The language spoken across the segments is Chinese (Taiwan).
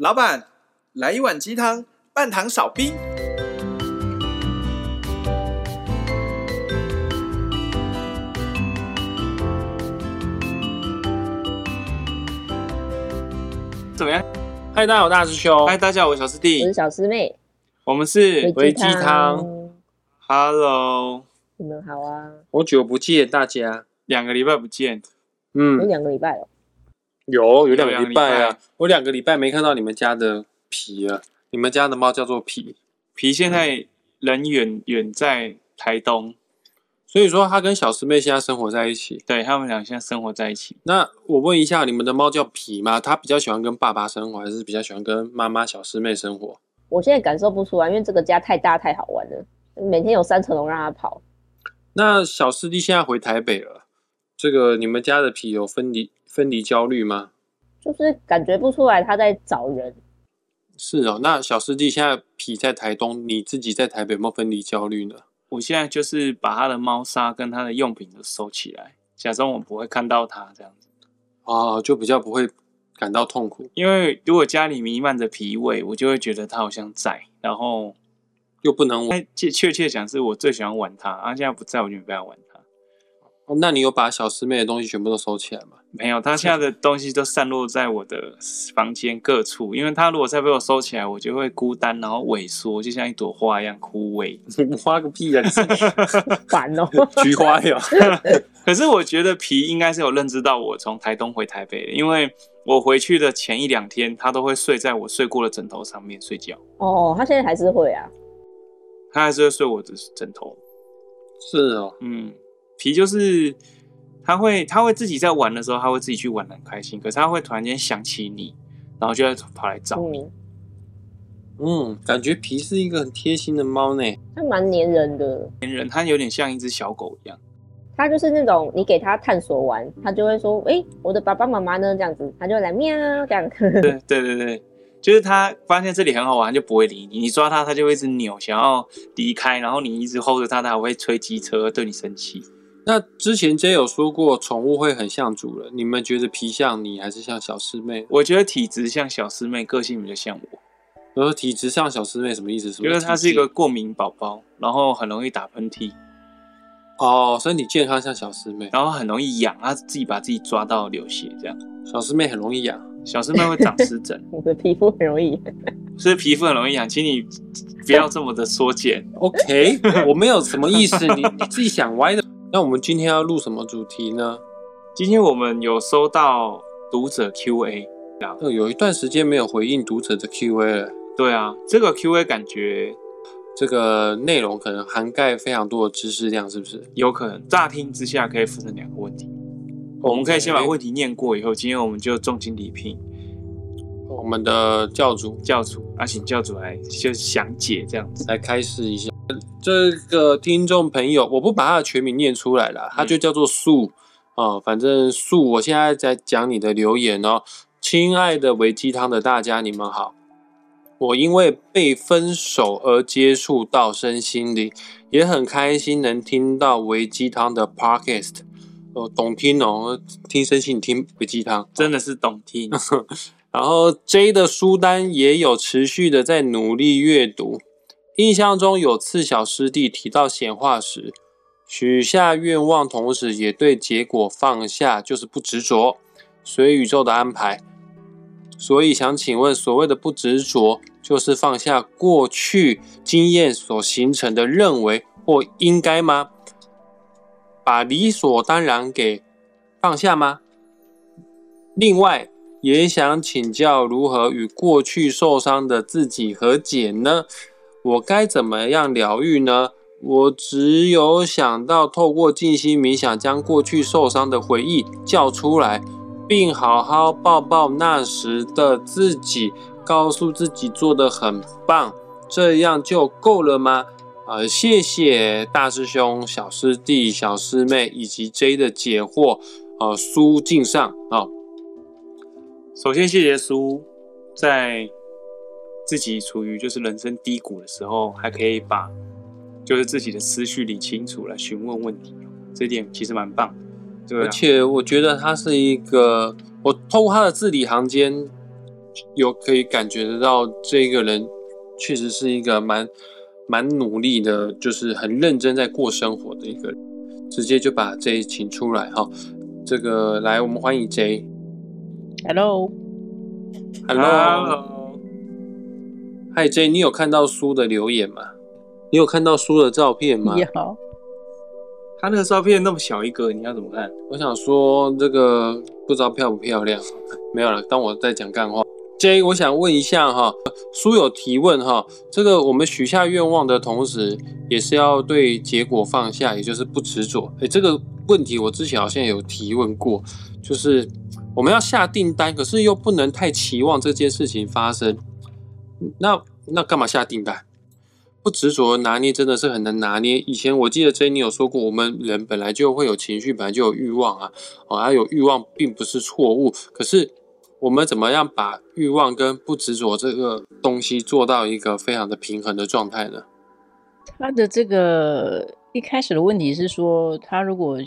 老闆，來一碗雞湯，半糖少冰。怎麼樣？嗨，大家好，大師兄。嗨，大家好，我是小師弟。我是小師妹。我們是餵雞，雞湯。Hello，你們好啊！好久不見，大家兩個禮拜不見。嗯，有兩個禮拜了。有，有兩個禮拜啊，兩個禮拜，我兩個禮拜沒看到你們家的皮了。你們家的貓叫做皮，皮現在人遠、嗯、遠在台東，所以說他跟小師妹現在生活在一起。對，他們倆現在生活在一起。那我問一下，你們的貓叫皮嗎？它比較喜歡跟爸爸生活，還是比較喜歡跟媽媽、小師妹生活？我現在感受不出來，因為這個家太大太好玩了，每天有三層樓讓它跑。那小師弟現在回台北了。這個你們家的皮有分離分離焦慮嗎？就是感覺不出來他在找人。是哦，那小師弟，現在皮在台東，你自己在台北有沒有分離焦慮呢？我現在就是把他的貓砂跟它的用品都收起來，假裝我不會看到他這樣子。哦，就比較不會感到痛苦。因為如果家裡瀰漫着皮味，我就會覺得他好像在，然後又不能玩。確確切講，是我最喜歡玩他，而、啊、現在不在，我就沒辦法玩他。哦，那你有把小師妹的東西全部都收起來嗎？沒有，她現在的東西都散落在我的房間各處。因為她如果再被我收起來，我就會孤單，然後萎縮，就像一朵花一樣枯萎。花 個屁啊！你是煩哦， 菊花喲有 可是我覺得皮應該是有認知到我從台東回台北的，因為我回去的前一兩天，他都會睡在我睡過的枕頭上面睡覺。哦，他現在還是會啊？他還是會睡我的枕頭。是哦，嗯。皮就是，它會它會自己在玩的時候，它會自己去玩得很開心。可是它會突然間想起你，然後就會跑來找你。嗯，感覺皮是一個很貼心的貓呢，它蠻粘人的，粘人。它有點像一隻小狗一樣，它就是那種你給它探索完，它就會說：“誒、欸、我的爸爸媽媽呢？”這樣子，它就會來喵這樣，對。對對對，就是它發現這裡很好玩，就不會理你。你抓它，它就會一直扭，想要離開。然後你一直 hold 着它，它還會吹機車，對你生氣。那之前 J 有說過，寵物會很像主人。你們覺得皮像你還是像小師妹？我覺得體質像小師妹，個性比較像我。比如說體質像小師妹什麼意思？就是她是一個過敏寶寶，然後很容易打噴嚏。哦，身體健康像小師妹，然後很容易癢，她自己把自己抓到流血這樣。小師妹很容易癢，小師妹會長濕疹，我 的皮膚很容易，所以皮膚很容易癢，請你不要這麼的縮減。 OK，我沒有什麼意思，你你自己想歪的。那我們今天要錄什麼主題呢？今天我們有收到讀者 Q A，那、嗯、有一段時間沒有回應讀者的 Q A 了。對啊，這個 Q A 感覺這個內容可能涵蓋非常多的知識量，是不是？有可能，乍聽之下可以分成兩個問題，OK。我們可以先把問題念過以後，今天我們就重金禮聘我們的教主，教主啊，請教主來就詳解這樣子來開始一下。這個聽眾朋友，我不把他的全名念出來了。他就叫做素，嗯、哦，反正素。我現在在講你的留言哦。親愛的維雞湯的大家，你們好。我因為被分手而接觸到身心靈，也很開心能聽到維雞湯的 Podcast。哦，懂聽哦，聽身心聽維雞湯，真的是懂聽。 然後 J 的書單也有持續的在努力閱讀。印象中有次小師弟提到顯化時，許下願望，同時也對結果放下，就是不執着，隨宇宙的安排。所以想請問，所謂的不執着，就是放下過去經驗所形成的認為或應該嗎？把理所當然給放下嗎？另外，也想請教如何與過去受傷的自己和解呢？我該怎麼樣療癒呢？我只有想到透過靜心冥想，將過去受傷的回憶叫出來，並好好抱抱那時的自己，告訴自己做得很棒，這樣就夠了嗎？啊、呃，謝謝大師兄、小師弟、小師妹以及 J 的解惑。呃，書敬上啊、哦，首先謝謝書在。自己處於就是人生低谷的時候，還可以把就是自己的思緒理清楚來詢問問題，這點其實蠻棒的，對啊。而且我覺得他是一個，我透過他的字裡行間，有可以感覺得到這個人確實是一個蠻蠻努力的，就是很認真在過生活的一個人。直接就把 J 請出來哈，這個來我們歡迎 J。Hello？Hello，Hello。嗨 J，你有看到書的留言嗎？你有看到書的照片嗎？你好。他那個照片那麼小一個，你要怎麼看？我想說這個不知道漂不漂亮。 沒有了，當我在講幹話。J，我想問一下哈，書友提問哈，這個我們許下願望的同時，也是要對結果放下，也就是不執着。誒、欸，這個問題我之前好像有提問過，就是我們要下訂單，可是又不能太期望這件事情發生。那那幹嘛下訂單？不執着，拿捏真的是很難拿捏。以前我記得 J 你有說過，我們人本來就會有情緒，本來就有慾望啊。哦，啊、有慾望並不是錯誤，可是我們怎麼樣把慾望跟不執着這個東西做到一個非常的平衡的狀態呢？他的這個一開始的問題是說，他如果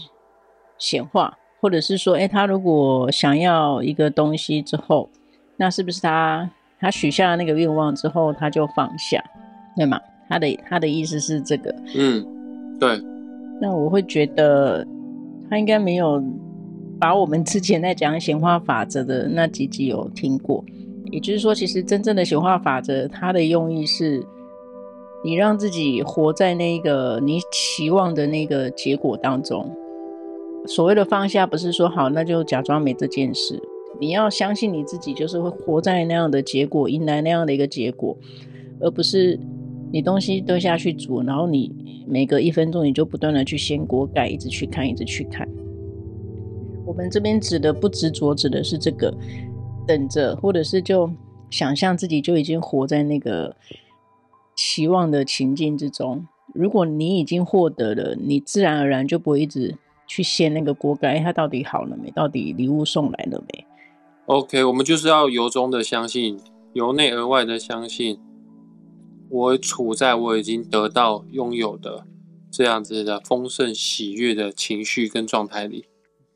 顯化，或者是說，哎、欸，他如果想要一個東西之後，那是不是他？他許下了那個願望之後，他就放下，對嗎？他的他的意思是這個，嗯，對。那我會覺得他應該沒有把我們之前在講顯化法則的那幾集有聽過。也就是說，其實真正的顯化法則，它的用意是，你讓自己活在那個你期望的那個結果當中。所謂的放下，不是說好，那就假裝沒這件事。你要相信你自己，就是會活在那樣的結果，迎來那樣的一個結果，而不是你東西丟下去煮，然後你每隔一分鐘你就不斷的去掀鍋蓋，一直去看，一直去看。我們這邊指的不執着，指的是這個等着，或者是就想象自己就已經活在那個期望的情境之中。如果你已經獲得了，你自然而然就不會一直去掀那個鍋蓋，哎，它到底好了沒？到底禮物送來了沒？OK，我們就是要由衷的相信，由內而外的相信。我處在我已經得到、擁有的這樣子的豐盛、喜悅的情緒跟狀態裡，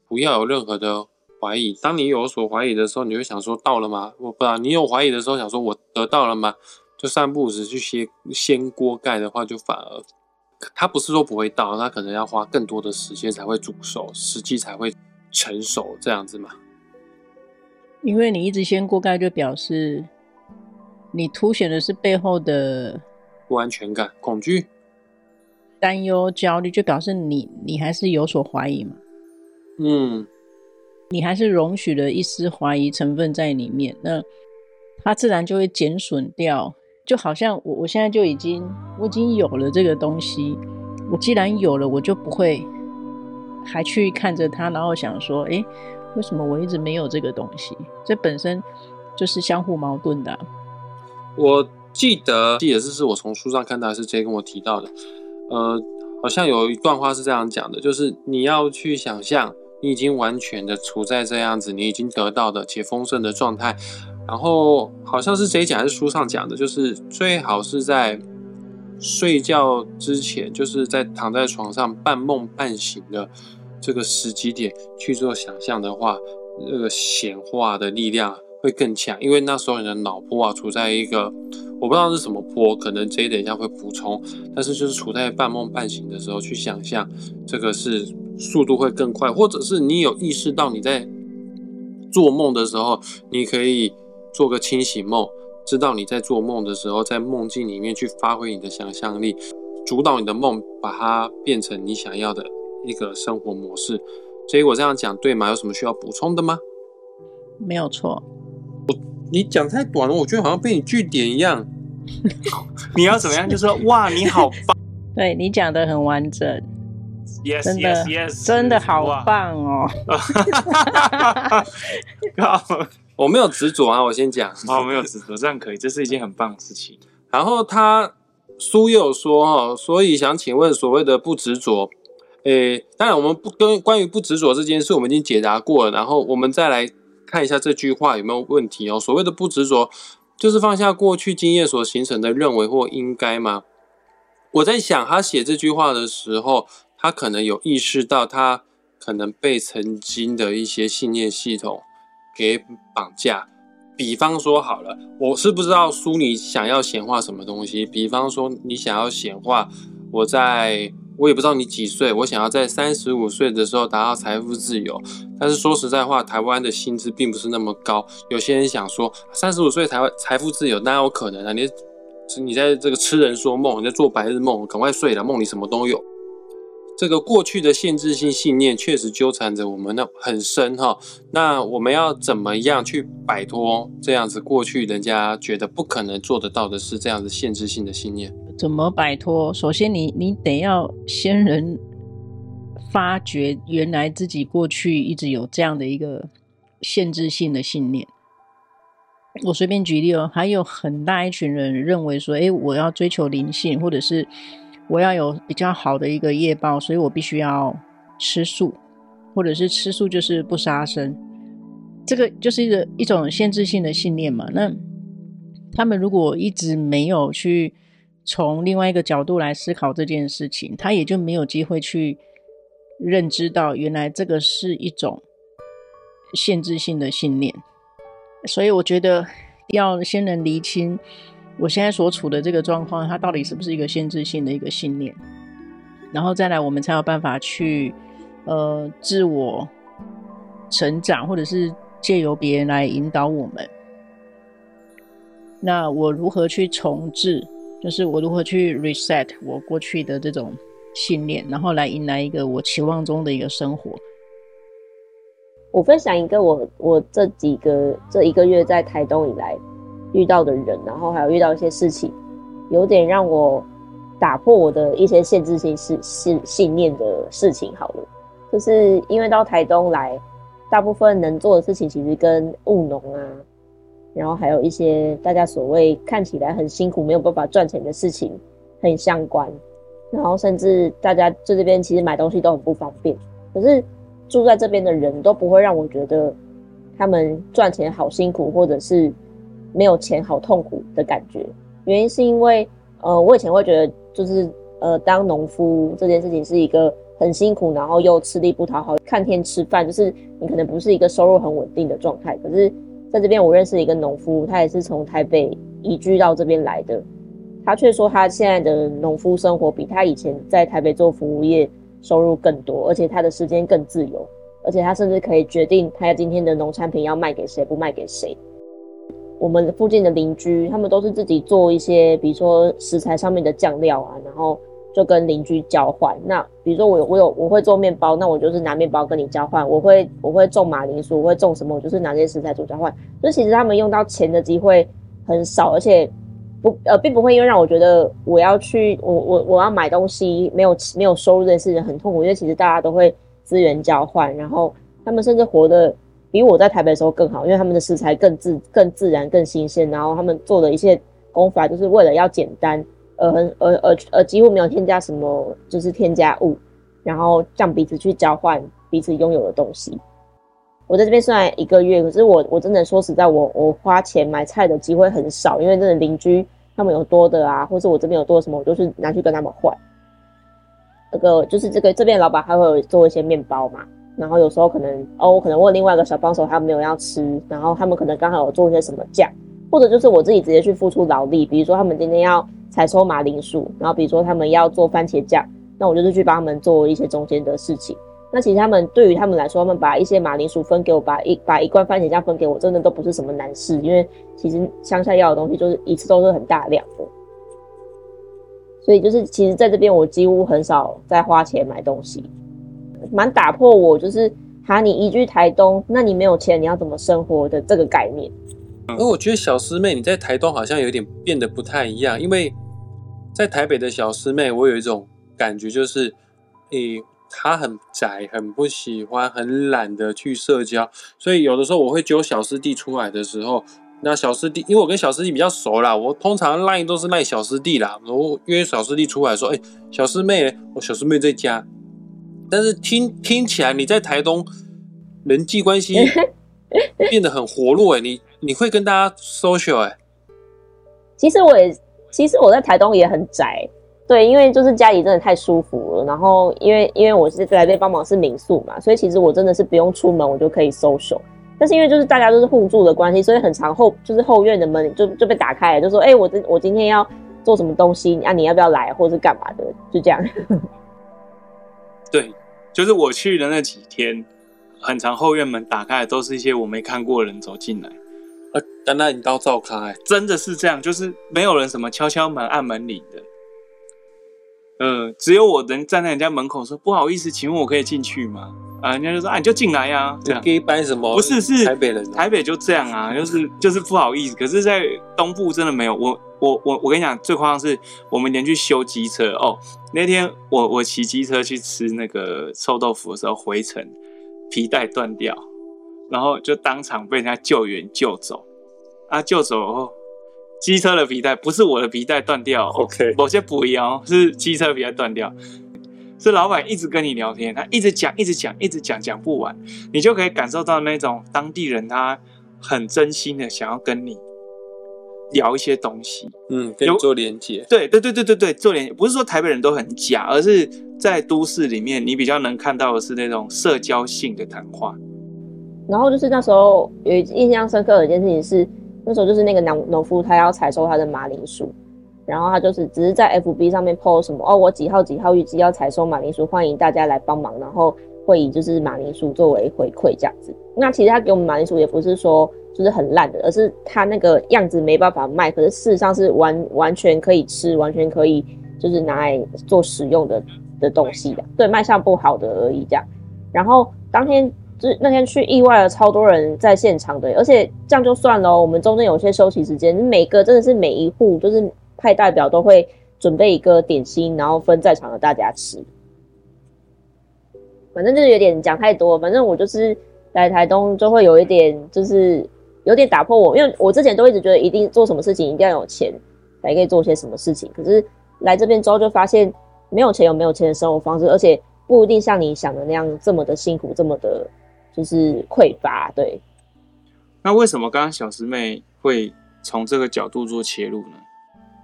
不要有任何的懷疑。當你有所懷疑的時候，你會想說：到了嗎？我不、啊，你有懷疑的時候，想說我得到了嗎？就三不五時去掀掀鍋蓋的話，就反而，它不是說不會到，它可能要花更多的時間才會煮熟，時機才會成熟，這樣子嘛。因為你一直掀鍋蓋，就表示，你凸顯的是背後的不安全感、恐懼、擔憂、焦慮，就表示你你還是有所懷疑嘛。嗯，你還是容許了一絲懷疑成分在裡面，那它自然就會減損掉。就好像我我現在就已經，我已經有了這個東西，我既然有了，我就不會還去看着它，然後想說，哎、欸。為什麼我一直沒有這個東西？這本身就是相互矛盾的啊。我記得，記得這是我從書上看到，還是 J 跟我提到的？呃，好像有一段話是這樣講的，就是你要去想象，你已經完全的處在這樣子，你已經得到的且豐盛的狀態。然後好像是 J 講，還是書上講的，就是最好是在睡覺之前，就是在躺在床上半夢半醒的。這個時機點去做想象的話，那、這個顯化的力量會更強，因為那時候你的腦波啊處在一個我不知道是什麼波，可能 J 等一下會補充，但是就是處在半夢半醒的時候去想象，這個是速度會更快，或者是你有意識到你在做夢的時候，你可以做個清醒夢，知道你在做夢的時候，在夢境裡面去發揮你的想象力，主導你的夢，把它變成你想要的一個生活模式，所以我這樣講對嗎？有什麼需要補充的嗎？沒有錯，你講太短了，我覺得好像被你句點一樣。 你要怎麼樣、就是？就說哇，你好棒！ 對，你講得很完整 ，yes，yes，yes，真的好棒哦！ 我沒有執着啊，我先講， 我沒有執着，這樣可以，這是一件很棒的事情。然後他書又說，所以想請問所謂的不執着。誒，當然我們不跟關於不執着這件事，我們已經解答過了。然後我們再來看一下這句話有沒有問題哦。所謂的不執着，就是放下過去經驗所形成的認為或應該嗎？我在想，他寫這句話的時候，他可能有意識到他可能被曾經的一些信念系統給綁架。比方說，好了，我是不知道書你想要顯化什麼東西。比方說，你想要顯化我在。我也不知道你幾歲，我想要在三十五歲的時候達到財富自由。但是說實在話，台灣的薪資並不是那麼高。有些人想說三十五歲才會財富自由，那有可能啊？你你在這個痴人說夢，你在做白日夢，趕快睡了，夢裡什麼都有。這個過去的限制性信念確實糾纏着我們呢，很深哈。那我們要怎麼樣去擺脫這樣子過去人家覺得不可能做得到的是這樣子限制性的信念？怎麼擺脫？首先你，你你得要先人發覺，原來自己過去一直有這樣的一個限制性的信念。我隨便舉例哦，還有很大一群人認為說，誒，我要追求靈性，或者是。我要有比較好的一個業報，所以我必須要吃素，或者是吃素就是不殺生，這個就是一個一種限制性的信念嘛。那他們如果一直沒有去從另外一個角度來思考這件事情，他也就沒有機會去認知到原來這個是一種限制性的信念。所以我覺得要先能釐清。我現在所處的這個狀況，它到底是不是一個限制性的一個信念？然後再來，我們才有辦法去呃自我成長，或者是借由別人來引導我們。那我如何去重置？就是我如何去 reset 我過去的這種信念，然後來迎來一個我期望中的一個生活。我分享一個我我這幾個這一個月在台東以來，遇到的人，然後還有遇到一些事情，有點讓我打破我的一些限制性信信信念的事情。好了，就是因為到台東來，大部分能做的事情其實跟務農啊，然後還有一些大家所謂看起來很辛苦，沒有辦法賺錢的事情很相關。然後甚至大家在這邊其實買東西都很不方便，可是住在這邊的人都不會讓我覺得他們賺錢好辛苦，或者是沒有錢，好痛苦的感覺。原因是因為，呃，我以前會覺得，就是，呃，當農夫這件事情是一個很辛苦，然後又吃力不討好，看天吃飯，就是你可能不是一個收入很穩定的狀態。可是在這邊，我認識一個農夫，他也是從台北移居到這邊來的，他卻說他現在的農夫生活比他以前在台北做服務業收入更多，而且他的時間更自由，而且他甚至可以決定他今天的農產品要賣給誰，不賣給誰。我們附近的鄰居，他們都是自己做一些，比如說食材上面的醬料啊，然後就跟鄰居交換。那比如說我有我有我會做麵包，那我就是拿麵包跟你交換。我會我會種馬鈴薯，我會種什麼，我就是拿這些食材做交換。所以其實他們用到錢的機會很少，而且不呃並不會因為讓我覺得我要去，我我我要買東西，沒有沒有收入這件事情很痛苦，因為其實大家都會資源交換，然後他們甚至活得，比我在台北的時候更好，因為他們的食材更自、更自然、更新鮮，然後他們做的一些功法就是為了要簡單，而很、而而而幾乎沒有添加什麼，就是添加物，然後讓彼此去交換彼此擁有的東西。我在這邊算了一個月，可是我我真的說實在，我我花錢買菜的機會很少，因為真的鄰居他們有多的啊，或者我這邊有多的什麼，我就是拿去跟他們換。這個就是這個這邊老板還會有做一些麵包嘛。然後有時候可能哦，我可能問另外一個小幫手，他沒有要吃，然後他們可能剛好有做一些什麼醬，或者就是我自己直接去付出勞力，比如說他們今天要採收馬鈴薯，然後比如說他們要做番茄醬，那我就是去幫他們做一些中間的事情。那其實他們對於他們來說，他們把一些馬鈴薯分給我，把一把一罐番茄醬分給我，真的都不是什麼難事，因為其實鄉下要的東西就是一次都是很大量的，所以就是其實在這邊我幾乎很少在花錢買東西。蠻打破我，就是喊、啊、你移居台東，那你沒有錢，你要怎麼生活的這個概念、嗯。而我覺得小師妹你在台東好像有點變得不太一樣，因為在台北的小師妹，我有一種感覺就是，誒、欸，她很宅，很不喜歡，很懶得去社交。所以有的時候我會揪小師弟出來的時候，那小師弟，因為我跟小師弟比較熟啦，我通常 line 都是賣小師弟啦，我約小師弟出來說，哎、欸，小師妹，我小師妹在家。但是聽聽起來，你在台東人際關係變得很活絡哎、欸。 你你會跟大家 social 哎，欸？其實我也，其實我在台東也很宅，對，因為就是家裡真的太舒服了。然後因為因為我現在那邊幫忙是民宿嘛，所以其實我真的是不用出門，我就可以 social。但是因為就是大家都是互助的關係，所以很常後就是後院的門就就被打開了，就說哎、欸，我這我今天要做什麼東西啊？你要不要來，或者是幹嘛的？就這樣。對，就是我去的那幾天，很常後院門打開的都是一些我沒看過的人走進來。呃、啊，難你到照開、欸、真的是這樣？就是沒有人什麼敲敲門、按門鈴的。嗯、呃，只有我能站在人家門口說不好意思，請問我可以進去嗎？啊，人家就說啊，你就進來呀、啊。對，一般什麼不是是台北人、啊，台北就這樣啊，就是就是不好意思。可是，在東部真的沒有我。我我我跟你講，最誇張是我們連去修機車哦。那天我我騎機車去吃那個臭豆腐的時候，回程皮帶斷掉，然後就當場被人家救援救走。啊，救走哦，機車的皮帶不是我的皮帶斷掉，OK，某些補一哦，okay. 哦喔、是機車皮帶斷掉。是老板一直跟你聊天，他一直講，一直講，一直講，講不完，你就可以感受到那種當地人他很真心的想要跟你。聊一些東西，嗯，可以做連接，對對對對對對，做連結，不是說台北人都很假，而是在都市裡面，你比較能看到的是那種社交性的談話。然後就是那時候有印象深刻的一件事情是，那時候就是那個農農夫他要採收他的馬鈴薯，然後他就是只是在 F B 上面 po 什麼哦，我幾號幾號預計要採收馬鈴薯，歡迎大家來幫忙，然後。會以就是馬鈴薯作為回饋這樣子，那其實他給我們馬鈴薯也不是說就是很爛的，而是他那個樣子沒辦法賣，可是事實上是完完全可以吃，完全可以就是拿來做食用的的東西的，對，賣相不好的而已這樣。然後當天就那天去意外了，超多人在現場的，而且這樣就算了，我們中間有些休息時間，每個真的是每一戶就是派代表都會準備一個點心，然後分在場的大家吃。反正就是有點講太多，反正我就是來台東就會有一點，就是有點打破我，因為我之前都一直覺得一定做什麼事情一定要有錢才可以做些什麼事情，可是來這邊之後就發現沒有錢有沒有錢的生活方式，而且不一定像你想的那樣這麼的辛苦，這麼的就是匱乏。對。那為什麼剛剛小師妹會從這個角度做切入呢？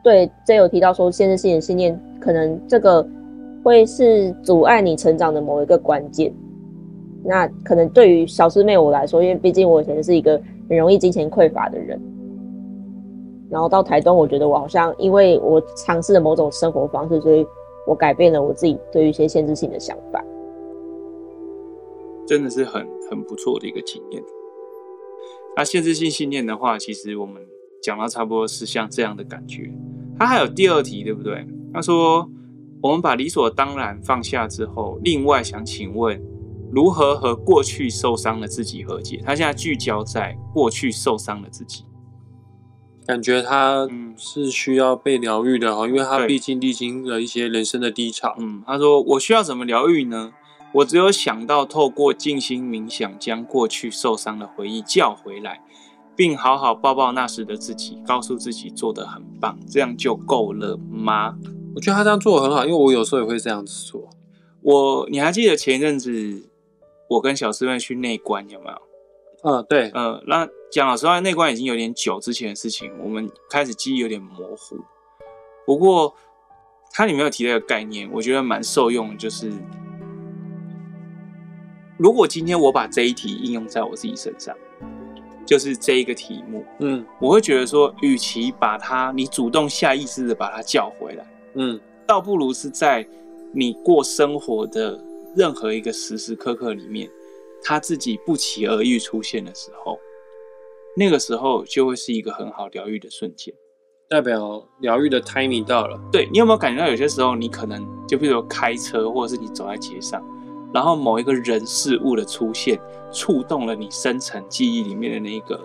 對，這有提到說限制性的信念，可能這個。會是阻礙你成長的某一個關鍵。那可能對於小師妹我來說，因為畢竟我以前是一個很容易金錢匱乏的人。然後到台東，我覺得我好像因為我嘗試了某種生活方式，所以我改變了我自己對於一些限制性的想法。真的是很很不錯的一個經驗。那限制性信念的話，其實我們講到差不多是像這樣的感覺。他還有第二題，對不對？他說。我們把理所當然放下之後，另外想請問，如何和過去受傷的自己和解？他現在聚焦在過去受傷的自己，感覺他是需要被療癒的哈、嗯，因為他畢竟歷經了一些人生的低潮。嗯，他說：“我需要怎麼療癒呢？我只有想到透過靜心冥想，將過去受傷的回憶叫回來，並好好抱抱那時的自己，告訴自己做得很棒，這樣就夠了嗎？”我覺得他這樣做很好，因為我有時候也會這樣子做。我，你還記得前一陣子我跟小師妹去內觀有沒有？嗯，對，呃，那講老實話，內觀已經有點久之前的事情，我們開始記憶有點模糊。不過，它裡面有提到一個概念，我覺得蠻受用的，就是如果今天我把這一題應用在我自己身上，就是這一個題目，嗯，我會覺得說，與其把它，你主動下意識的把它叫回來。嗯，倒不如是在你過生活的任何一個時時刻刻裡面，他自己不期而遇出現的時候，那個時候就會是一個很好療癒的瞬間，代表療癒的 timing 到了。對，你有沒有感覺到有些時候你可能就比如開車或者是你走在街上，然後某一個人事物的出現，觸動了你深層記憶裡面的那一個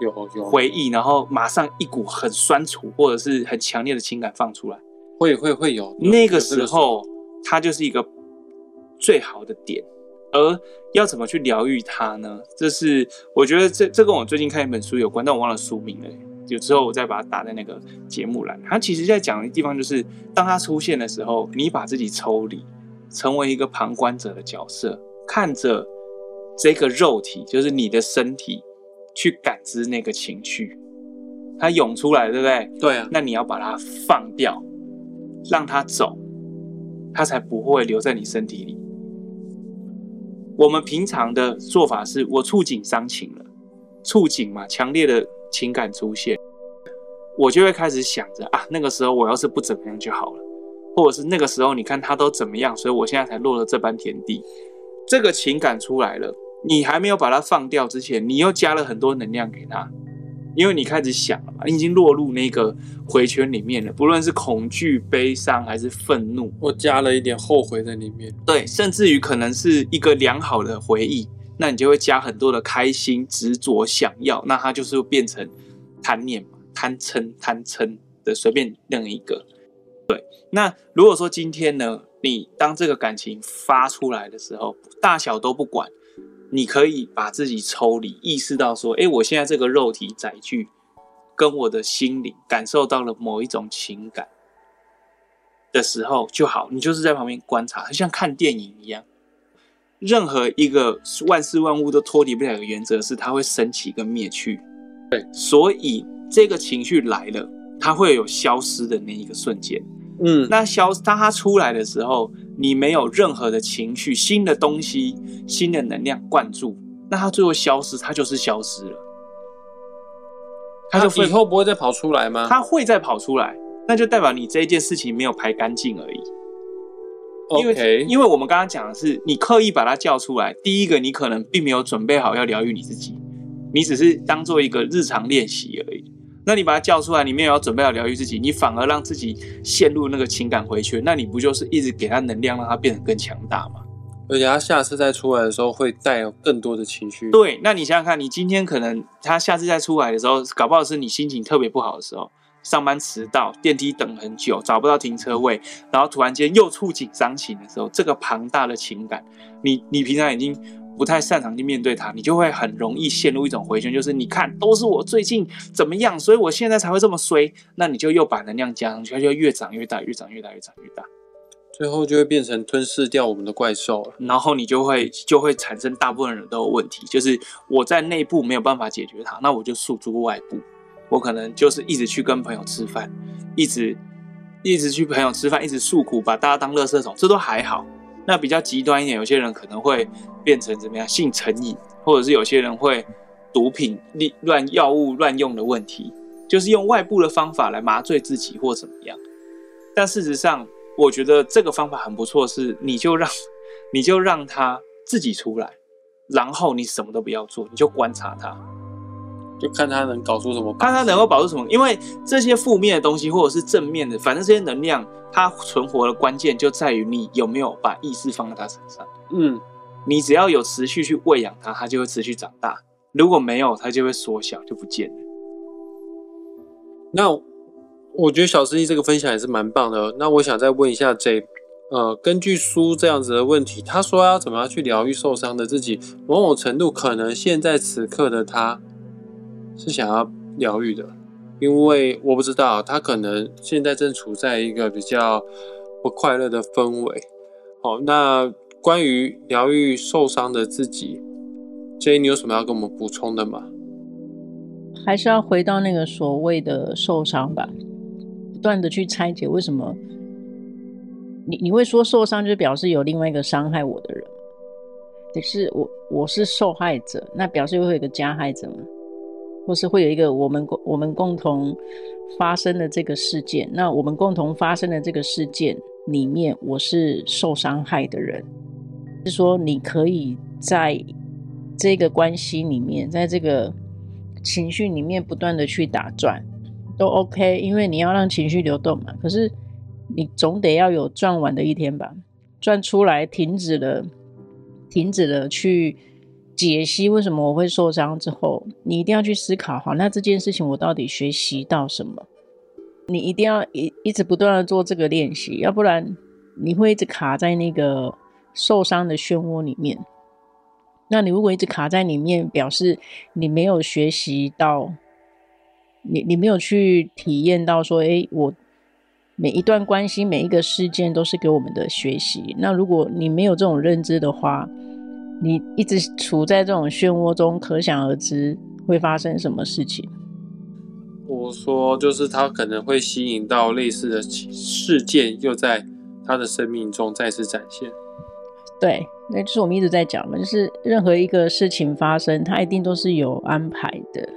有有回憶，然後馬上一股很酸楚或者是很強烈的情感放出來。會會會有那個時候，它就是一個最好的點。嗯。而要怎麼去療癒它呢？這是我覺得這這跟我最近看一本書有關，嗯。但我忘了書名了。有之後我再把它打在那個節目欄。它其實在講的地方就是，當它出現的時候，你把自己抽離，成為一個旁觀者的角色，看着這個肉體，就是你的身體，去感知那個情緒。它湧出來，對不對？對啊。那你要把它放掉。讓他走，他才不會留在你身體裡。我們平常的做法是，我觸景傷情了，觸景嘛，強烈的情感出現，我就會開始想着啊，那個時候我要是不怎麼樣就好了，或者是那個時候你看他都怎麼樣，所以我現在才落了這般田地。這個情感出來了，你還沒有把它放掉之前，你又加了很多能量給他。因為你開始想了嘛，你已經落入那個迴圈裡面了。不論是恐懼、悲傷，還是憤怒，我加了一點後悔在裡面。對，甚至於可能是一個良好的回憶，那你就會加很多的開心、執着、想要，那它就是會變成貪念嘛，貪嗔、貪嗔的隨便任一個。對，那如果說今天呢，你當這個感情發出來的時候，大小都不管。你可以把自己抽離，意識到說，哎、欸，我現在這個肉體載具跟我的心靈感受到了某一種情感的時候就好，你就是在旁邊觀察，像看電影一樣。任何一個萬事萬物都脫離不了的原則是，它會升起跟滅去。對，所以這個情緒來了，它會有消失的那一個瞬間。嗯，那消當它出來的時候，你沒有任何的情緒，新的東西，新的能量灌注，那它最後消失，它就是消失了。它就以後不會再跑出來嗎？它會再跑出來，那就代表你這一件事情沒有排乾淨而已。OK，因為，因為我們剛剛講的是，你刻意把它叫出來，第一個你可能並沒有準備好要療癒你自己，你只是當做一個日常練習而已。那你把他叫出來，你沒有要準備好療癒自己，你反而讓自己陷入那個情感，回去，那你不就是一直給他能量，讓他變得更強大嗎？而且他下次再出來的時候，會帶有更多的情緒。對，那你想想看，你今天可能他下次再出來的時候，搞不好是你心情特別不好的時候，上班遲到，電梯等很久，找不到停車位，然後突然間又觸景傷情的時候，這個龐大的情感，你你平常已經。不太擅長去面對它，你就會很容易陷入一種回旋，就是你看，都是我最近怎麼樣，所以我現在才會這麼衰。那你就又把能量加上去，它就越長越大，越長越大，越長越大，越長越大。最後就會變成吞噬掉我們的怪獸。然後你就會就會產生大部分人都有問題，就是我在內部沒有辦法解決它，那我就訴諸外部。我可能就是一直去跟朋友吃飯，一直一直去朋友吃飯，一直訴苦，把大家當垃圾桶，這都還好。那比較極端一點，有些人可能會變成怎麼樣？性成癮，或者是有些人會毒品亂藥物亂用的問題，就是用外部的方法來麻醉自己或怎麼樣。但事實上，我覺得這個方法很不錯，是你就讓你就讓他自己出來，然後你什麼都不要做，你就觀察他。就看他能搞出什麼，看他能夠保持什麼。因為這些負面的東西或者是正面的，反正這些能量，它存活的關鍵就在於你有沒有把意識放在他身上。嗯，你只要有持續去餵養它，它就會持續長大；如果沒有，它就會縮小，就不見了那。那我覺得小師弟這個分享也是蠻棒的。那我想再問一下 J，呃，根據書這樣子的問題，他說要怎麼樣去療癒受傷的自己？某種程度可能現在此刻的他。是想要療癒的，因為我不知道他可能現在正處在一個比較不快樂的氛圍。好，那關於療癒受傷的自己，J，你有什麼要跟我們補充的嗎？還是要回到那個所謂的受傷吧，不斷的去拆解為什麼你你會說受傷就表示有另外一個傷害我的人，只是我我是受害者，那表示又會有一個加害者嗎？或是會有一個我們共我們共同發生的這個事件，那我們共同發生的這個事件裡面，我是受傷害的人。是說你可以在這個關係裡面，在這個情緒裡面不斷的去打轉，都 OK，因為你要讓情緒流動嘛。可是你總得要有轉完的一天吧，轉出來，停止了，停止了去。解析為什麼我會受傷之後，你一定要去思考好，那這件事情我到底學習到什麼？你一定要一一直不斷的做這個練習，要不然你會一直卡在那個受傷的漩渦裡面。那你如果一直卡在裡面，表示你沒有學習到，你你沒有去體驗到說，誒，我每一段關係，每一個事件都是給我們的學習。那如果你沒有這種認知的話，你一直處在這種漩渦中，可想而知會發生什麼事情。我說，就是他可能會吸引到類似的事件，又在他的生命中再次展現。對，那就是我們一直在講嘛，就是任何一個事情發生，它一定都是有安排的。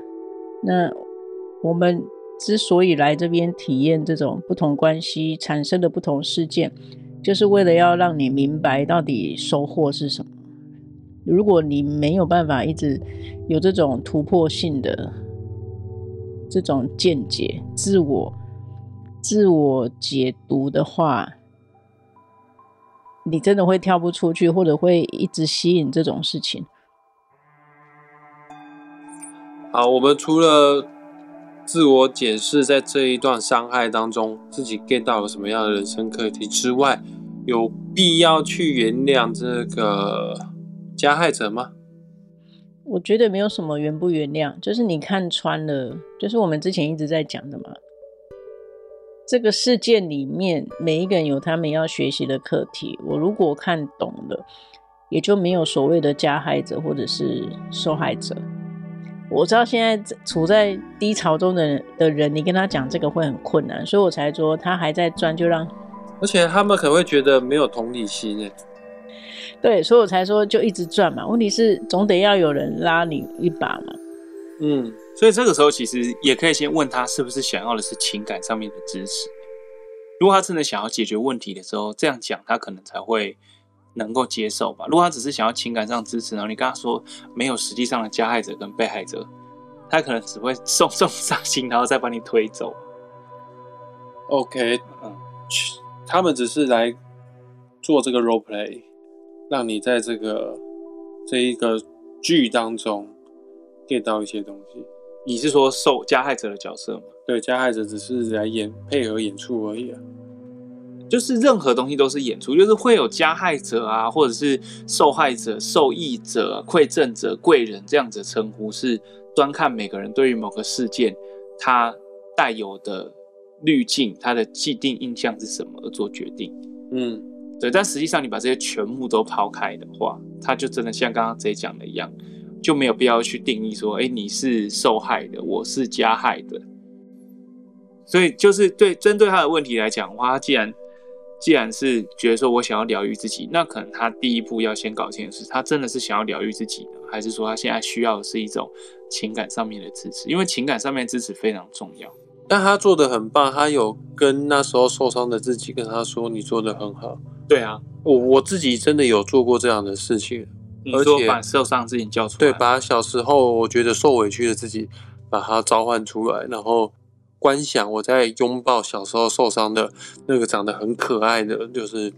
那我們之所以來這邊體驗這種不同關係產生的不同事件，就是為了要讓你明白到底收穫是什麼。如果你沒有辦法一直有這種突破性的這種見解，自我自我解讀的話，你真的會跳不出去，或者會一直吸引這種事情。好，我們除了自我解釋在這一段傷害當中自己 get 到了什麼樣的人生課題之外，有必要去原諒這個加害者嗎？我覺得沒有什麼原不原諒，就是你看穿了，就是我們之前一直在講的嘛。這個事件裡面，每一個人有他們要學習的課題。我如果看懂了，也就沒有所謂的加害者或者是受害者。我知道現在處在低潮中的的人，你跟他講這個會很困難，所以我才說他還在鑽，就讓。而且他們可能會覺得沒有同理心。對，所以我才說就一直轉嘛。問題是總得要有人拉你一把嘛。嗯，所以這個時候其實也可以先問他是不是想要的是情感上面的支持。如果他真的想要解決問題的時候，這樣講他可能才會能夠接受吧。如果他只是想要情感上支持，然後你跟他說沒有實際上的加害者跟被害者，他可能只會受受傷心，然後再把你推走。OK，嗯，他們只是來做這個 role play。讓你在這個這一個劇當中 get 到一些東西。你是說受加害者的角色嗎？對，加害者只是來演，配合演出而已啊。就是任何東西都是演出，就是會有加害者啊，或者是受害者、受益者、饋贈者、貴人這樣子的稱呼，是端看每個人對於某個事件他帶有的濾鏡，他的既定印象是什麼而做決定。嗯。對，但實際上你把這些全部都拋開的話，他就真的像剛剛自講的一樣，就沒有必要去定義說，哎，你是受害的，我是加害的。所以就是對針對他的問題來講的話，他既然既然是覺得說我想要療癒自己，那可能他第一步要先搞清楚，是，他真的是想要療癒自己呢，還是說他現在需要的是一種情感上面的支持？因為情感上面的支持非常重要。但他做得很棒，他有跟那時候受傷的自己跟他說：“你做得很好。”對啊，我我自己真的有做過這樣的事情。你說把受傷自己叫出來，而且，對，把小時候我覺得受委屈的自己把它召喚出來，然後觀想，我在擁抱小時候受傷的那個長得很可愛的就是。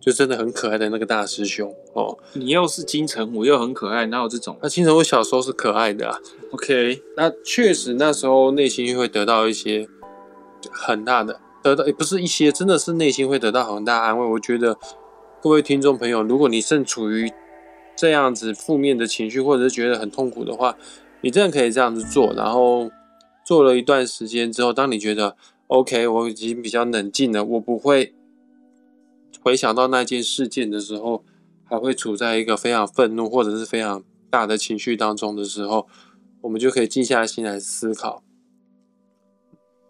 就真的很可愛的那個大師兄哦，你又是金城武又很可愛，哪有這種？那、啊、金城武小時候是可愛的啊。OK，那確實那時候內心會得到一些很大的得到，也、欸、不是一些，真的是內心會得到很大安慰。我覺得各位聽眾朋友，如果你正處於這樣子負面的情緒，或者是覺得很痛苦的話，你真的可以這樣子做。然後做了一段時間之後，當你覺得 OK，我已經比較冷靜了，我不會。回想到那件事件的時候，還會處在一個非常憤怒或者是非常大的情緒當中的時候，我們就可以靜下心來思考，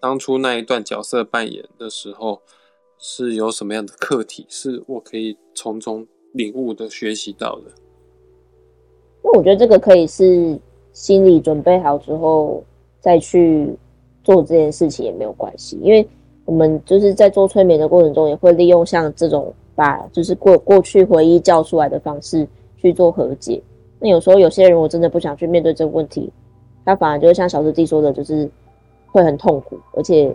當初那一段角色扮演的時候是有什麼樣的課題，是我可以從中領悟的學習到的。我覺得這個可以是心理準備好之後再去做這件事情也沒有關係，因為，我們就是在做催眠的過程中，也會利用像這種把就是過過去回憶叫出來的方式去做和解。那有時候有些人，我真的不想去面對這個問題，他反而就是像小師弟說的，就是會很痛苦，而且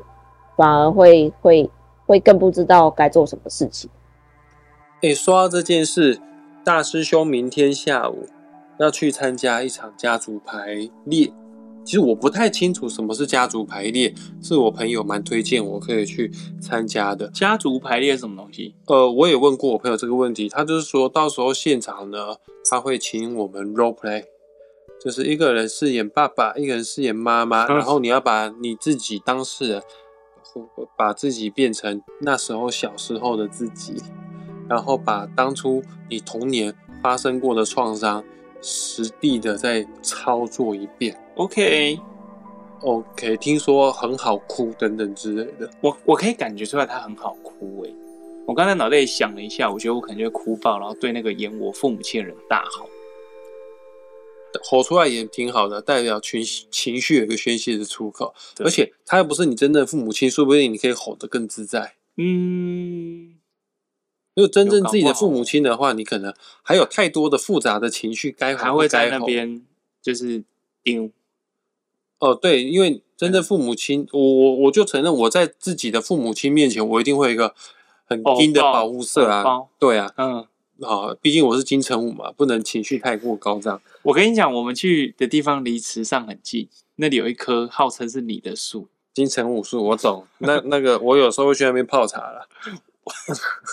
反而會會會更不知道該做什麼事情。哎、欸，說到這件事，大師兄明天下午要去參加一場家族排列。其實我不太清楚什麼是家族排列，是我朋友蠻推薦我可以去參加的。家族排列是什麼東西？呃，我也問過我朋友這個問題，他就是說到時候現場呢，他會請我們 role play，就是一個人飾演爸爸，一個人飾演媽媽，然後你要把你自己當事人，把自己變成那時候小時候的自己，然後把當初你童年發生過的創傷。實地的再操作一遍，OK，OK。Okay、okay, 聽說很好哭等等之類的，我我可以感覺出來他很好哭哎、欸。我剛才腦袋想了一下，我覺得我肯定就會哭爆，然後對那個演我父母親的人大吼，吼出來也挺好的，代表情情緒有一個宣洩的出口。而且他又不是你真的父母親，說不定你可以吼得更自在。嗯。如果真正自己的父母親的話，你可能還有太多的複雜的情緒該還會在那邊，就是硬哦、呃，對，因為真正父母親，我我我就承認我在自己的父母親面前，我一定會有一個很硬的保護色啊，oh, oh, oh, oh, oh. 對啊，嗯，好、呃，畢竟我是金城武嘛，不能情緒太過高漲。我跟你講，我們去的地方離池上很近，那裡有一棵號稱是你的樹，金城武樹。我懂。 那那個我有時候會去那邊泡茶了。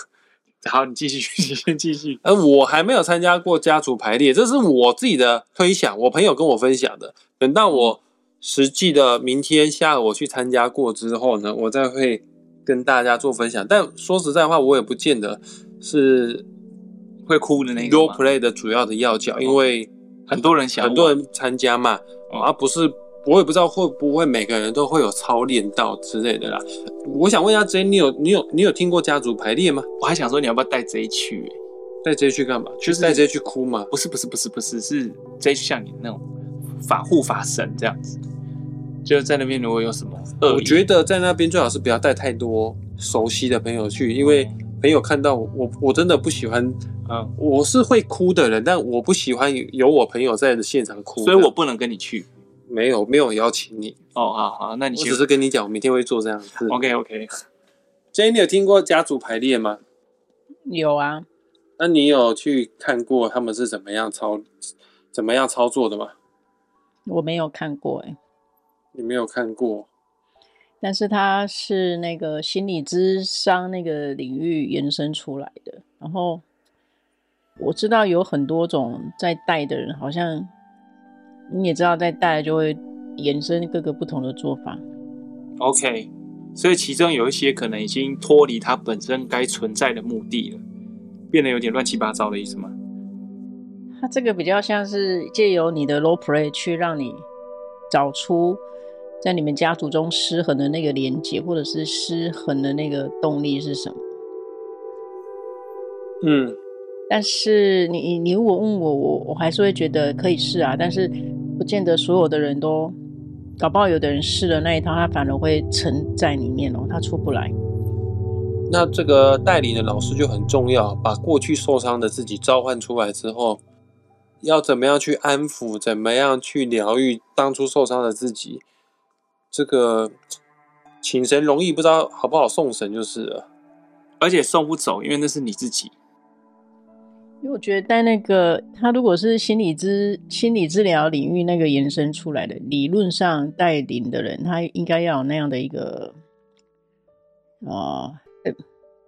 好，你繼續，你先繼續。呃，我還沒有參加過家族排列，這是我自己的推想。我朋友跟我分享的，等到我實際的明天下午我去參加過之後呢，我再會跟大家做分享。但說實在話，我也不見得是會哭的那個。Your play 的主要的要角，哦，因為很多人想，很多人參加嘛，而，哦啊，不是。我也不知道會不會每個人都會有操練到之類的啦。我想問一下 J，你有你有你有聽過家族排列嗎？我還想說你要不要帶 J 去，欸？帶 J 去幹嘛？就是帶 J 去哭嗎？不是不是不是不是是 J 像你那種法護法神這樣子，就是在那邊如果有什麼，呃，我覺得在那邊最好是不要帶太多熟悉的朋友去，因為朋友看到我，我真的不喜歡。嗯、我是會哭的人，但我不喜歡有我朋友在現場哭，所以我不能跟你去。沒有，沒有邀請你。哦、oh,，好好，那你我只是跟你講，我明天會做這樣子。OK，OK。Jay，、okay. 你有聽過家族排列嗎？有啊。那你有去看過他們是怎麼樣操，怎麼樣操作的嗎？我沒有看過哎、欸。你沒有看過？但是他是那個心理諮商那個領域延伸出來的。然後我知道有很多種在帶的人，好像。你也知道，在帶就會延伸各個不同的做法。OK，所以其中有一些可能已經脫離它本身該存在的目的了，變得有點亂七八糟的意思嗎？它這個比較像是借由你的 role play 去讓你找出在你們家族中失衡的那個連接，或者是失衡的那個動力是什麼。嗯，但是你你如果問我，我我還是會覺得可以試啊，但是。不見得所有的人都，搞不好有的人試了那一套，他反而會沉在裡面喔，他出不來。那這個帶領的老師就很重要，把過去受傷的自己召喚出來之後，要怎麼樣去安撫，怎麼樣去療癒當初受傷的自己？這個請神容易，不知道好不好送神就是了。而且送不走，因為那是你自己。因為我覺得帶那個他如果是心理治心理治療領域那個延伸出來的理論上帶領的人，他應該要有那樣的一個哦、呃、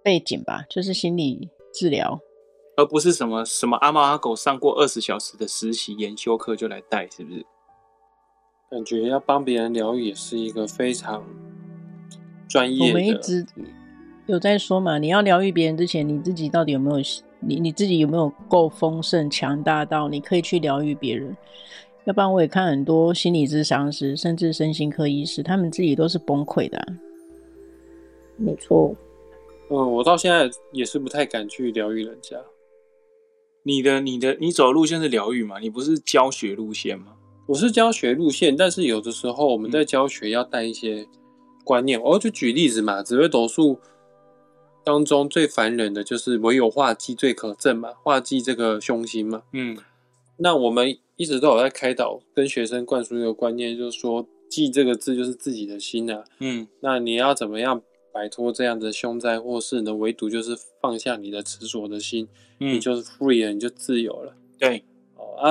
背景吧，就是心理治療，而不是什麼什麼阿貓阿狗上過二十小時的實習研修課就來帶，是不是？感覺要幫別人療癒也是一個非常專業。我們一直有在說嘛，你要療癒別人之前，你自己到底有沒有？你你自己有沒有夠豐盛、強大到你可以去療癒別人？要不然我也看很多心理諮商師，甚至身心科醫師，他們自己都是崩潰的、啊。沒錯。嗯，我到現在也是不太敢去療癒人家。你的、你的、你走的路線是療癒嘛？你不是教學路線嗎？我是教學路線，但是有的時候我們在教學要帶一些觀念、嗯。我就舉例子嘛，只會讀書。當中最煩人的就是唯有化忌最可憎嘛，化忌這個凶星嘛。嗯，那我們一直都有在開導跟學生灌輸一個觀念，就是說忌這個字就是自己的心啊。嗯，那你要怎麼樣擺脫這樣的凶災禍事呢？唯獨就是放下你的執着的心，嗯，你就是 free 了，你就自由了。對，哦啊，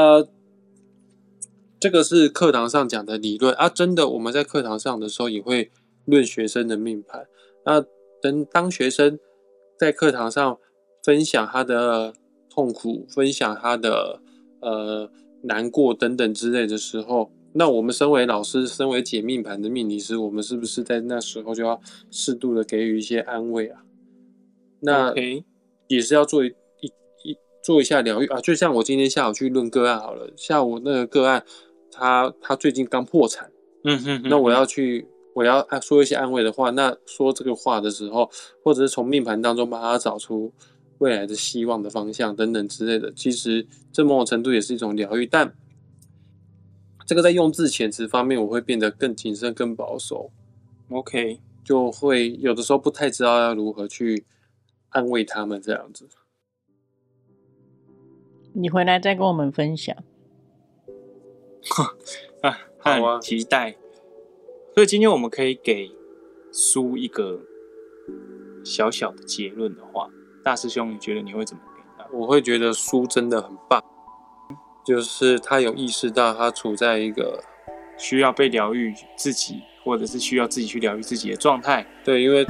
這個是課堂上講的理論啊，真的我們在課堂上的時候也會論學生的命盤，那、啊。等當學生在課堂上分享他的痛苦，分享他的呃難過等等之類的時候，那我們身為老師，身為解命盤的命理師，我們是不是在那時候就要適度的給予一些安慰啊？那誒，也是要做一一,一做一下療癒啊。就像我今天下午去論個案好了，下午那個個案他他最近剛破產，嗯哼、哼、哼，那我要去。我要說一些安慰的話，那說這個話的時候，或者是從命盤當中把它找出未來的希望的方向等等之類的，其實這某種程度也是一種療癒。但這個在用字遣詞方面，我會變得更謹慎、更保守。OK，就會有的時候不太知道要如何去安慰他們這樣子。你回來再跟我們分享。啊，好啊，期待。所以今天我們可以給蘇一個小小的結論的話，大師兄，你覺得你會怎麼給他？我會覺得蘇真的很棒，就是他有意識到他處在一個需要被療癒自己，或者是需要自己去療癒自己的狀態。對，因為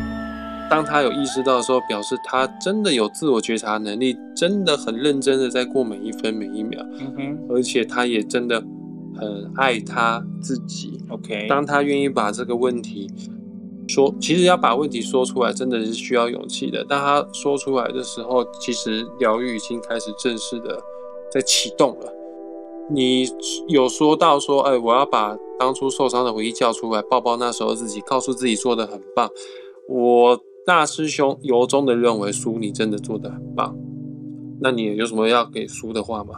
當他有意識到說，表示他真的有自我覺察能力，真的很認真的在過每一分每一秒。嗯哼，而且他也真的。很愛他自己。OK，當他願意把這個問題說，其實要把問題說出來，真的是需要勇氣的。但他說出來的時候，其實療癒已經開始正式的在啟動了。你有說到說，哎，我要把當初受傷的回憶叫出來，抱抱那時候自己，告訴自己做的很棒。我大師兄由衷的認為，書你真的做的很棒。那你有什麼要給書的話嗎？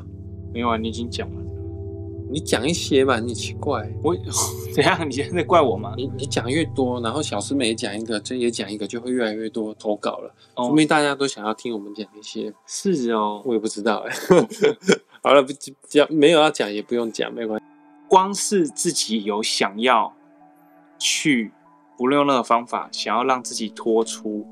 沒有啊，你已經講了。你講一些吧，你奇怪，我怎樣？你現在怪我嗎？ 你你講越多，然後小師妹也講一個，就也講一個，就會越來越多投稿了，哦，說明大家都想要聽我們講一些。是哦，我也不知道哎。哦、 好了，不講，沒有要講也不用講，沒關係 。光是自己有想要去，不用那個方法，想要讓自己脫出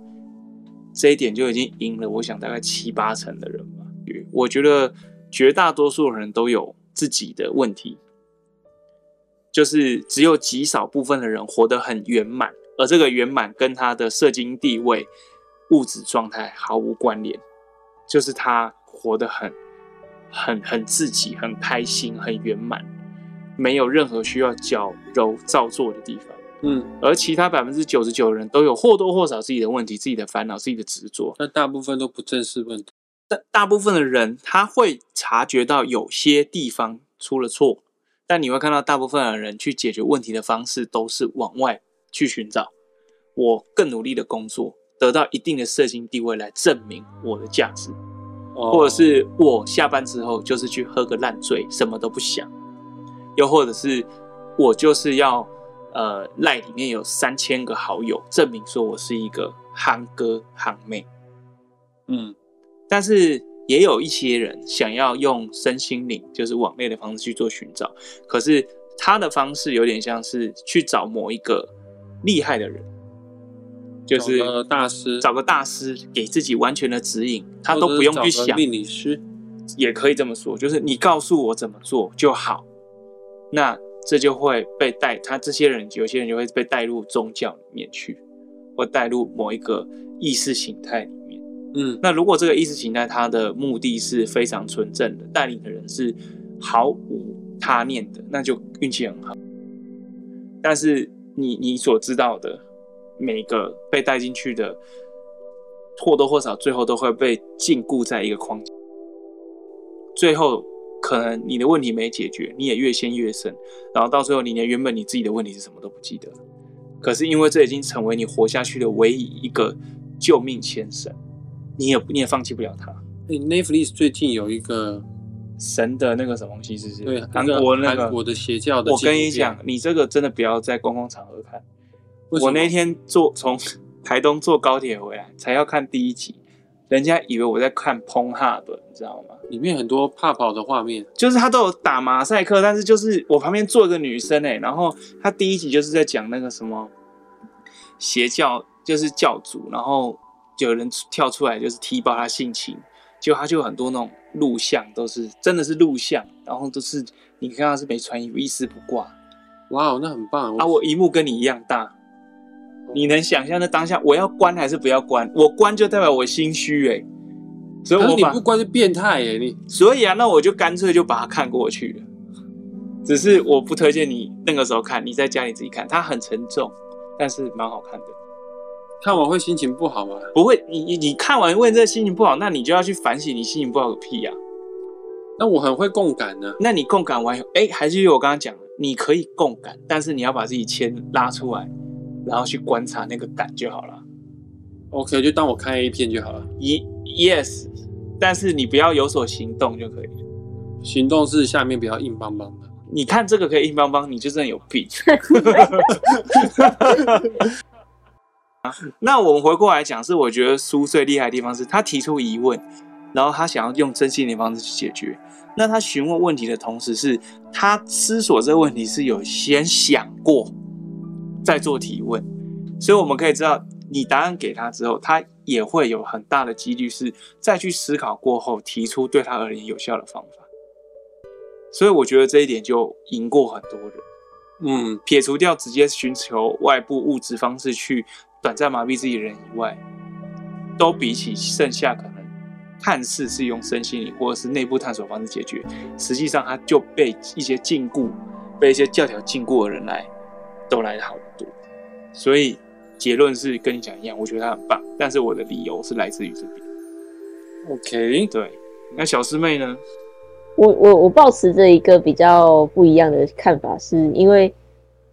這一點，就已經贏了。我想大概七八成的人吧，我覺得絕大多數人都有，自己的問題，就是只有極少部分的人活得很圓滿，而這個圓滿跟他的社經地位、物質狀態毫無關聯，就是他活得很、很、很自己，很開心，很圓滿，沒有任何需要矯揉造作的地方。嗯，而其他百分之九十九的人都有或多或少自己的問題、自己的煩惱，自己的執着。那大部分都不正視問題。大部分的人他會察覺到有些地方出了錯，但你會看到大部分的人去解決問題的方式都是往外去尋找，我更努力的工作，得到一定的社經地位來證明我的價值，或者是我下班之後就是去喝個爛醉，什麼都不想，又或者是我就是要呃賴裡面有三千個好友，證明說我是一個夯哥夯妹，嗯。但是也有一些人想要用身心靈，就是往內的方式去做尋找，可是他的方式有點像是去找某一個厲害的人，就是找個大師，就是、找個大師給自己完全的指引，他都不用去想。命理師也可以這麼說，就是你告訴我怎麼做就好，那這就會被帶他這些人，有些人就會被帶入宗教裡面去，或帶入某一個意識形態。嗯，那如果這個意識形態它的目的是非常純正的，帶領的人是毫無他念的，那就運氣很好。但是你你所知道的每個被帶進去的，或多或少最後都會被禁錮在一個框架，最後可能你的問題沒解決，你也越陷越深，然後到最後你連原本你自己的問題是什麼都不記得，可是因為這已經成為你活下去的唯一一個救命先生。你也你也放棄不了他。欸，Netflix 最近有一個神的那個什麼東西，是不是？對，就是啊，韓國那個韓國的邪教的。我跟你講，你這個真的不要在公共場合看。我那天坐從台東坐高鐵回來，才要看第一集，人家以為我在看《Pon Hub》，你知道嗎？裡面很多怕跑的畫面，就是他都有打馬賽克，但是就是我旁邊坐一個女生哎，然後他第一集就是在講那個什麼邪教，就是教主，然後。有人跳出來，就是踢爆他性情，就他就很多那種錄像都是真的是錄像，然後都是你看他是沒穿衣服，一絲不掛。哇哦，那很棒啊！我螢幕跟你一樣大，你能想象，那當下我要關還是不要關？我關就代表我心虛哎，所以我你不關是變態哎，你所以啊，那我就乾脆就把它看過去了，只是我不推薦你那個時候看，你在家裡自己看，它很沉重，但是蠻好看的。看完會心情不好嗎？不會，你你你看完問這心情不好，那你就要去反省，你心情不好個屁呀、啊！那我很會共感呢、啊。那你共感完，哎，還是我剛剛講了，你可以共感，但是你要把自己先拉出來，然後去觀察那個感就好了。OK，就當我看 A 片就好了 Ye。Yes，但是你不要有所行動就可以了。行動是下面比較硬邦邦的。你看這個可以硬邦邦，你就真的有病。 啊，那我們回過來講，是我覺得書最厲害的地方是，他提出疑問，然後他想要用真心的方式去解決。那他詢問問題的同時，是他思索這個問題是有先想過，再做提問。所以我們可以知道，你答案給他之後，他也會有很大的幾率是再去思考過後，提出對他而言有效的方法。所以我覺得這一點就贏過很多人。嗯，撇除掉直接尋求外部物質方式去。短暫麻痹自己的人以外，都比起剩下可能看似是用身心靈或者是內部探索方式解決，實際上他就被一些禁錮、被一些教條禁錮的人來都來的好多。所以結論是跟你講一樣，我覺得他很棒，但是我的理由是來自於這邊。OK，對，那小師妹呢？我我我抱持着一個比較不一樣的看法，是因為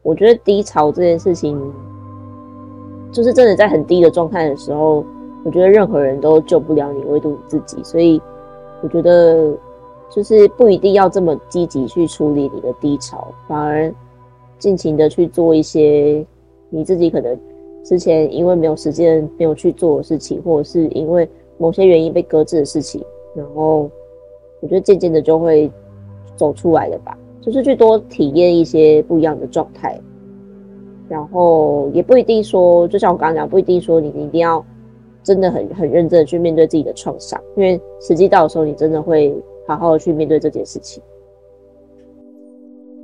我覺得低潮這件事情。就是真的在很低的狀態的時候，我覺得任何人都救不了你，唯獨你自己。所以我覺得就是不一定要這麼積極去處理你的低潮，反而盡情的去做一些你自己可能之前因為沒有時間，沒有去做的事情，或者是因為某些原因被擱置的事情。然後我覺得漸漸的就會走出來了吧，就是去多體驗一些不一樣的狀態。然後也不一定說，就像我剛剛講，不一定說你一定要真的很很認真的去面對自己的創傷，因為時機到的時候，你真的會好好的去面對這件事情。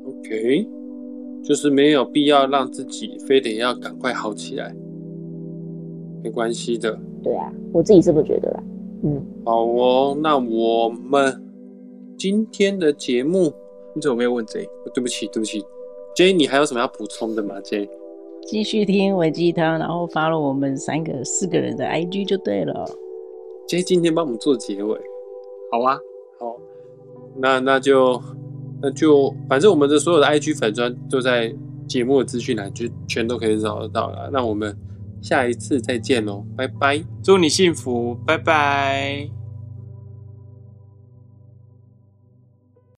OK，就是沒有必要讓自己非得要趕快好起來，沒關係的。對啊，我自己是不覺得啦。嗯，好哦，那我們今天的節目，你怎麼沒有問這？對不起，對不起。J，你還有什麼要補充的嗎？J，繼續聽維基湯，然後發了我們三個四個人的 IG 就對了。J 今天幫我們做結尾，好啊，好，那那就那就反正我們的所有的 IG 粉專都在節目的資訊欄，就全都可以找得到了。那我們下一次再見嘍，拜拜，祝你幸福，拜拜。